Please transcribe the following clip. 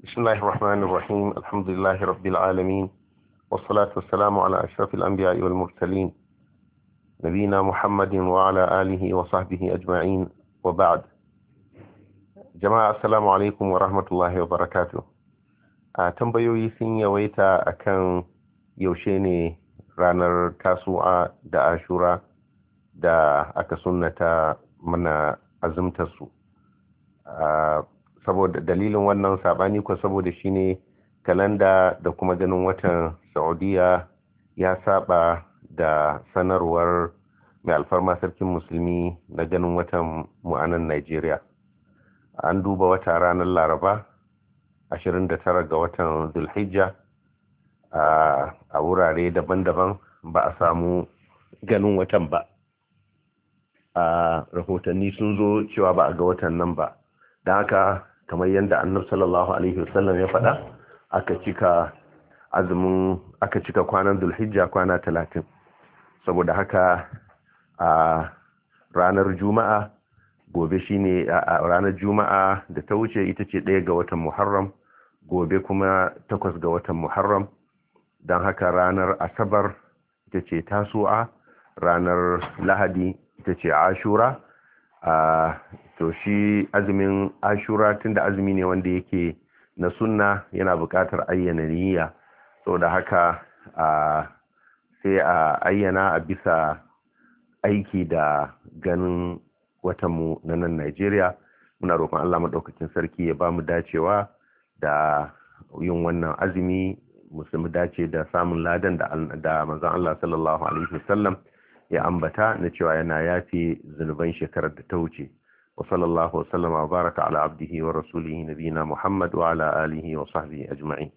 بسم الله الرحمن الرحيم الحمد لله رب العالمين والصلاة والسلام على أشرف الأنبياء والمرسلين نبينا محمد وعلى آله وصحبه أجمعين وبعد jama'a assalamu alaikum wa rahmatullahi wa barakatu a tambayoyi sun yawaita akan yaushe ne ranar tasu'a da ashura da aka sunata mana azumtarsu saboda dalilin wannan sabani ko saboda shine kalanda da kuma ganin watan saudiya ya saba da sanarwar mai alfarma sarkin musulmi na ganin watan mu'anan nigeria an duba wata ranar laraba 29 ga watan zulhijja a wurare daban-daban ba a samu ganin watan ba a rahotanni sun zo cewa ba a ga watan nan ba don haka kamar yadda annabi sallallahu alaihi wasallam ya faɗa aka cika azumin aka cika kwanan dulhijja kwana talatin saboda haka a ranar juma'a gobe shine a ranar juma'a da ta wuce ita ce ɗaya ga watan muharram gobe kuma takwas ga watan muharram don haka ranar asabar ita ce tasu'a ranar lahadi ita ce ashura a to shi azumin ashura tunda azumi ne wanda yake na sunna yana buƙatar ayyana niyya da haka a sai a ayyana a bisa aiki da ganin watanmu na nan Najeriya muna roƙon Allah maɗaukakin sarki ya ba mu dacewa da yin wannan azumi mu dace da samun ladan da manzon Allah sallallahu alaihi wasallam ya ambata na cewa yana yafi zunuban shekarar da ta wuce wa sallallahu wa sallama baraka ala abdihi wa rasulihi nabiyina muhammad wa ala alihi wa sahbihi ajma'in